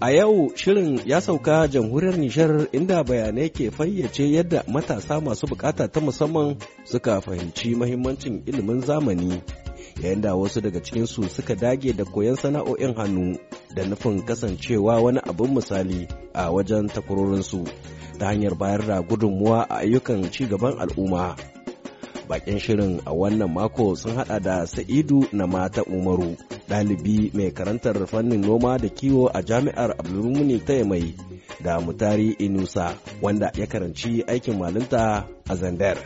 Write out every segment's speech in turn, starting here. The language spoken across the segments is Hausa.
A yau shirin ya sauka jamhuriyar Nishar inda bayanai ke fayyace yadda matasa masu bukata ta musamman suka fahimci mahimmancin ilimin zamani yayin da wasu daga cikinsu suka dage da koyon sana'o'in hannu da nufin kasancewa wani abin misali a wajen takwarorinsu ta hanyar bayar da gudunmuwa a ayyukan ci gaban al'umma. Bakin shirin a wannan mako sun hada da Sa'idu na mata Umaru, ɗalibi mai karantar fannin noma da kiwo a jami'ar Abdulmuni ta mai da Mutari Inusa wanda ya karanci aikin malinta a Zandar.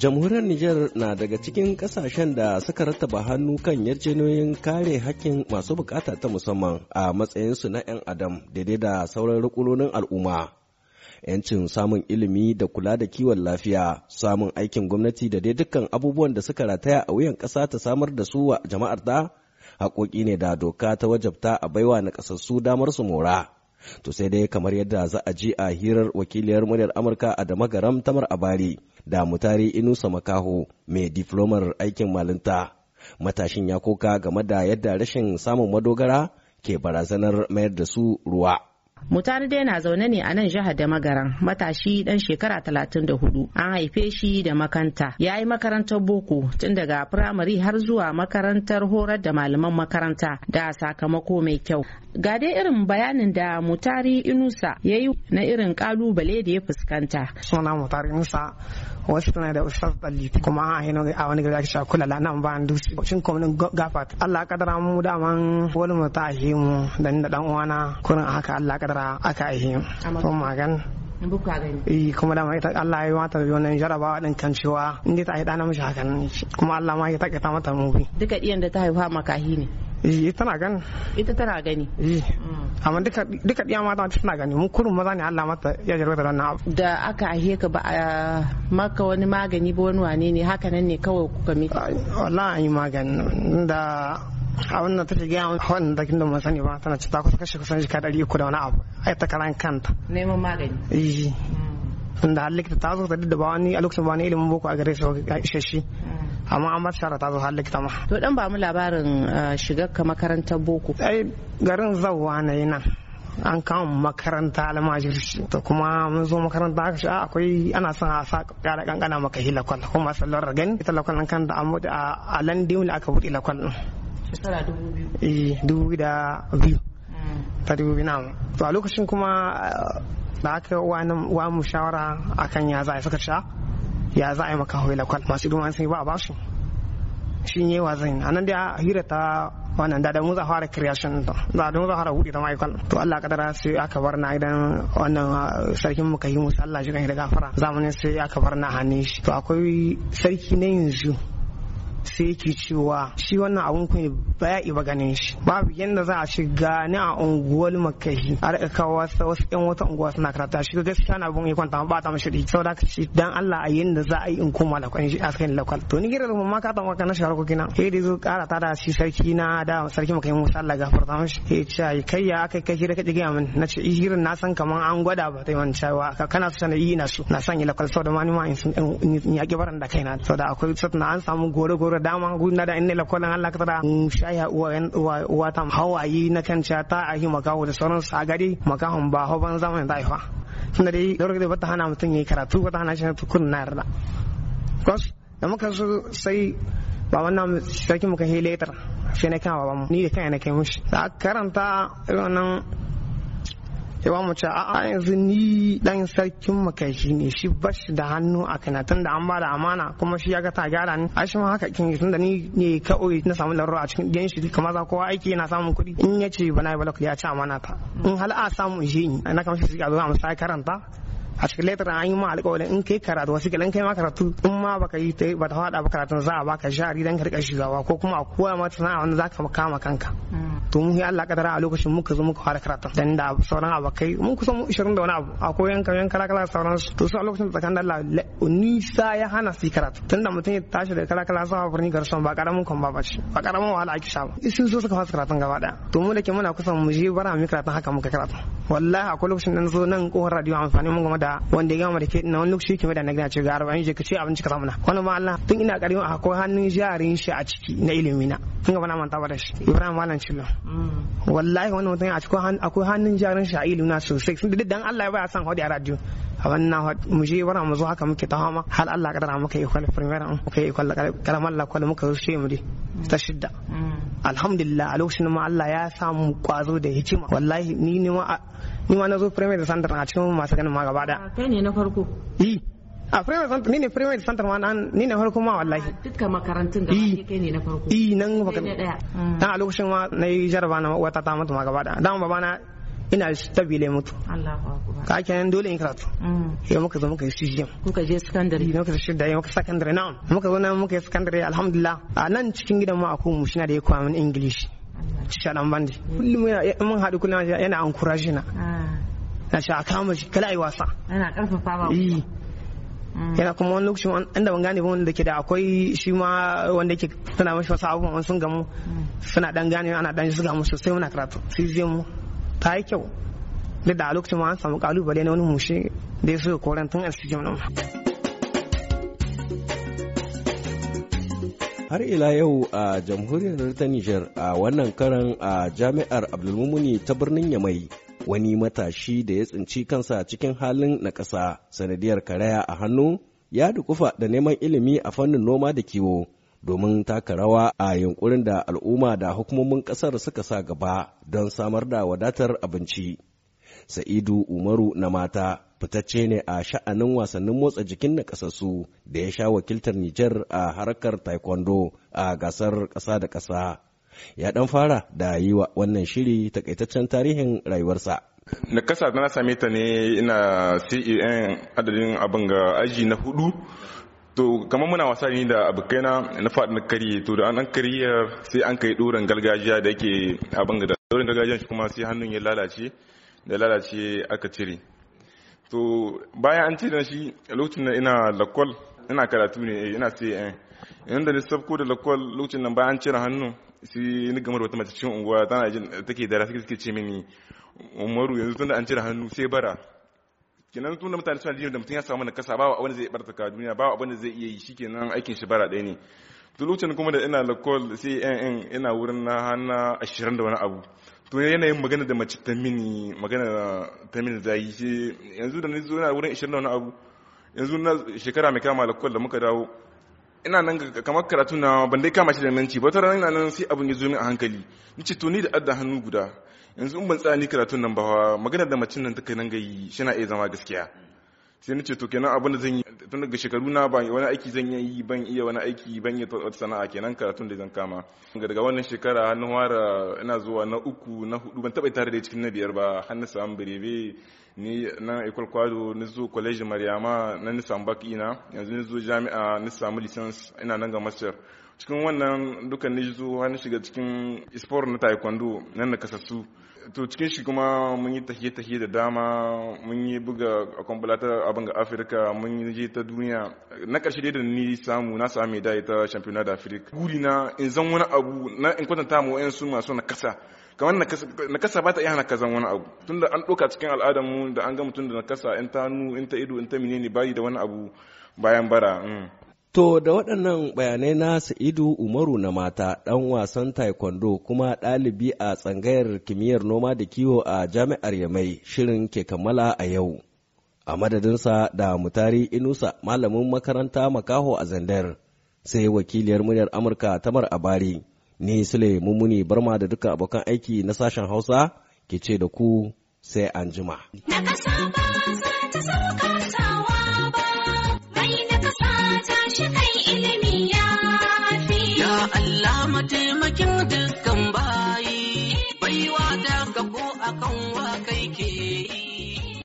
jamhuriyar Nijar na daga cikin kasashen da suka rattaba hannu kan yarjejeniyoyin kare hakkin masu bukata ta musamman a matsayinsu na 'yan adam daidai da sauran rukunonin al'umma 'yancin samun ilimi da kula da kiwon lafiya, samun aikin gwamnati da dai dukkan abubuwan da suka rataya a wuyan ƙasa ta samar da su wa jama'ar ta, haƙoƙi ne da doka ta wajabta a baiwa na ƙasassu damar su mora. To sai dai kamar yadda za a ji a hirar wakiliyar muryar Amurka a Damagaram Tamar Abari da Mutari Inusa Makaho mai diflomar aikin malinta. Matashin ya koka game da yadda rashin samun madogara ke barazanar mayar da su ruwa. Mutane dai na zaune ne a nan jihar da magaran matashi dan shekara 34 an haife shi da makanta ya yi makarantar boko tun daga firamare har zuwa makarantar horar da malaman makaranta da sakamako mai kyau ga dai irin bayanin da mutari inusa ya yi na irin kalubale da ya fuskanta suna mutari inusa wasu tana da ustaz daliti kuma a yi a wani gari ake a kula nan ba an dusi cin kwamnin gafat allah kadara mu man wani mu ta ahe mu da ni da dan uwana kurin haka allah kadara aka yi mu kuma magan eh kuma da ita Allah ya mata wannan jarabawa din kan cewa inda ta ta aida namiji hakan kuma Allah ma ya ta mata mu bi duka iyan da ta haifa makahi ne eh tana gani ita tana gani eh mm. amma duka duka diya mata tana gani mun kurun maza ne Allah mata ya jarba da abu da aka ahe ka ba maka wani magani ba wani wane ne haka nan ne kawai kuka miki wallahi an yi magani da a da take gaya wani da kinda mun sani ba tana ci ta kusa kashe kusan jika ɗari uku da wani abu ai ta karan kanta neman magani eh tunda mm. har likita ta zo ta didda ba wani a lokacin ba wani ilimin boko a gare shi amma an shara ta zo har likita ma to dan ba mu labarin eh, shigar ka makarantar boko ai garin zawwa na yi nan an kawo makaranta almajirci to kuma mun zo makaranta aka ce akwai ana son a sa kara kankana maka hi lakwal kuma sallar gani ita lakwal kan da a landin da aka buɗe lakwal din shekara dubu biyu eh, dubu da biyu mm. ta dubu biyu na to a lokacin kuma eh, da aka wa mu shawara akan ya za a suka sha ya za a yi maka hawai lakwal masu ido an sai ba a bashi shi ne wa zan anan da hira ta wannan da da mu za fara creation ta za da mu za fara hudu ta michael to Allah kadara sai aka bar na idan wannan sarkin mu kai musu Allah shi kan da gafara zamanin sai aka bar na hannun shi to akwai sarki na yanzu sai yake cewa shi wannan abun ba baya iya ganin shi babu yanda za a shiga gani a unguwar makahi a rika kawo wasu yan wata unguwa suna karata shi ga gaskiya na abun ya kwanta ba ta mashi dai saboda ka ce dan Allah a yanda za a yi in koma lakwani shi a cikin lakwal to ni gira da mamma ka tamaka na shaharko kina sai da zo kara ta da shi sarki na da sarki makahi Musa Allah gafarta mishi ke ce kai ya kai kai hira kaje ga min na ce girin eh, na san kaman an gwada ba ta yi ka kana so na yi na so na san yi lokal saboda ma ni ma in yaki baran da kaina saboda akwai na an samu gore gore saboda dama guna da inna lakolan Allah katara in shaya uwa yan uwa ta hawayi na kan cha ta ahi makaho da sauran sa gari makahon ba hoban zaman da ifa tunda dai dole da bata hana mutum yi karatu bata hana shi tukun na yarda kos da muka so sai ba wannan sarki muka letter shi ne kan ba ni da kai na kai mushi da karanta irin nan ya ba mu ce a'a yanzu ni dan sarkin makashi ne shi bashi da hannu a kana tun da an ba da amana kuma shi ya ga ta gyara ni a shi ma haka kin tun da ni ne kawai na samu larura a cikin gidan shi kamar za kowa aiki yana samun kuɗi in ya ce bana balak ya ci amana ta in hal a samu shi ni na kamar shi a zo a musaya karanta a cikin letter an yi ma alƙawarin in kai karatu wasu kilan kai ma karatu in ma baka yi ta ba ta faɗa ba karatun za a baka shari dan ka riƙa shigawa ko kuma a kowa ma sana'a wanda za ka kama kanka. Mm. to yi Allah kadara a lokacin muka zo muka fara karatu dan da sauran abokai mun kusan mu 20 da wani abu akwai yan yan kala kala sauran su to su a lokacin tsakan da Allah nisa ya hana su karatu tunda mutum ya tashi da kala kala sa birni garson ba karamin kon ba ba shi ba karamin wahala ake sha ba sun so suka fara karatun gaba daya to mu da ke muna kusan mu je bara mu karatun haka muka karatu wallahi a lokacin da zo nan kohar radio amfani mun game da wanda ya gama da ke na wani lokaci kima da nagina ce ga arba'in je ka ce abinci ka samu na wani ma Allah tun ina a akwai hannun jarin shi a ciki na ilimi na tun gaba na manta ba da shi Ibrahim Malam Cillo mm. wallahi wani mutum a akwai hannun jarin shi a ilimi na sosai sun da dan Allah ya baya san hodi a radio a wannan muje je mu zo haka muke ta hama har Allah kadara muka yi kwal primera muka yi kwal karamar lakwal muka rushe mu dai ta shidda mm. alhamdulillah a lokacin ma Allah ya samu kwazo da hikima wallahi ni ne ma ni ma nazo da center a cikin masu ganin ma gaba da kai ne na farko yi a primary center ni ne da center ma nan ni ne farko ma wallahi dukkan makarantun da kai ne na farko yi nan baka na a lokacin ma nayi jarabana na wata ta mutu ma gaba da dan babana ina tabile mutu ka nan dole in karatu ya mm. muka zo muka yi CGM muka je secondary muka shi da muka secondary now muka zo nan muka yi secondary alhamdulillah a nan cikin gidan mu akwai mu shina da ya koya min English shaɗan bandi kullum mun haɗu kullum yana encourage na ah. na shi a kama shi kala yi wasa yana karfafa ba mm. yana kuma wani lokacin inda ban gane wanda ke da akwai shi ma wanda ke tana mashi wasu abubuwan sun gamu mm. suna dan gane ana dan su musu sai muna karatu sai zai mu ta yi kyau duk da a lokacin ma an samu kalubale na wani mushe da ya so koran tun a cikin har ila yau a jamhuriyar ta Nijar a wannan karan a jami'ar Abdulmumuni ta birnin Yamai wani matashi da ya tsinci kansa cikin halin na ƙasa sanadiyar karaya a hannu ya dukufa da neman ilimi a fannin noma da kiwo domin taka rawa a yunkurin da al'umma da hukumomin ƙasar suka sa gaba don samar da wadatar abinci. Sa'idu Umaru na mata fitacce ne a sha'anin wasannin motsa jikin na da ya sha wakiltar Nijar a harkar taekwondo a gasar ƙasa da ƙasa. Ya ɗan fara da yi wa wannan shiri takaitaccen tarihin rayuwarsa. na kasa na same ta ne ina CEN adadin abin ga aji na hudu to kamar muna wasa ne da abu na na faɗi na kari to da an ya eh, sai an kai ɗorin gargajiya da yake abin da ɗorin gargajiya shi kuma sai hannun ya lalace da lalace aka cire to bayan an cire shi lokacin da ina lakwal ina karatu ne eh, ina sai yan inda da sabko da lakwal lokacin nan bayan an cire hannu sai ni gamar wata mace cikin unguwa tana jin take da suke ce mini umaru yanzu tunda an cire hannu sai bara kenan tun da mutane suna jin da mutum ya samu na kasa babu abin da zai barta ka duniya babu abin da zai iya yi shikenan aikin shi bara ɗaya ne to lokacin kuma da ina lakol sai yan ina wurin na hana ashirin da wani abu to yanayin magana da mace ta mini magana ta mini da yi yanzu da ni zo wurin ashirin da wani abu yanzu na shekara mai kama lakol da muka dawo ina nan kamar karatu na ban dai kama shi da nanci ba ta nan sai abin ya zo min a hankali ni ce to ni da adda hannu guda yanzu in ban tsaya ni karatun nan ba maganar da macin nan ta nan nan yi shi na iya zama gaskiya sai ni ce to kenan abin da zan yi tun daga shekaru na ba wani aiki zan yi ban iya wani aiki ban iya wata sana'a kenan karatun da zan kama daga wannan shekara hannu wara ina zuwa na uku na hudu ban taba tare da cikin na biyar ba hannun samun birebe ni na école kwado ni zo college mariama na ni bak ina yanzu ni zo jami'a ni samu license ina nan ga master cikin wannan duka ni zo wani shiga cikin sport na taekwondo nan na kasasu to cikin shi kuma mun yi tahiye-tahiye da dama mun yi buga a kwambalata abin ga afirka mun yi je ta duniya na ƙarshe dai da ni samu na samu medali ta championnat da afirka guri na in zan wani abu na in kwatanta ma wa'yansu masu na kasa kamar nakasa ba ta iya hana kazan wani abu tunda an ɗauka cikin al'adar mu da an ga mutum da nakasa in ta hannu in ta ido in ta menene bayi da wani abu bayan bara mm. To da waɗannan bayanai na Sa'idu Umaru na mata ɗan wasan taekwondo kuma ɗalibi a tsangayar kimiyyar noma da kiwo a jami'ar Yamai shirin ke kammala a yau. A madadinsa da mutari Inusa malamin makaranta makaho a Zandar sai wakiliyar muryar Amurka Tamar Abari Ni Sule Mumuni Barma da duka abokan aiki na sashen Hausa ke ce da ku sai an jima. Na ta sauka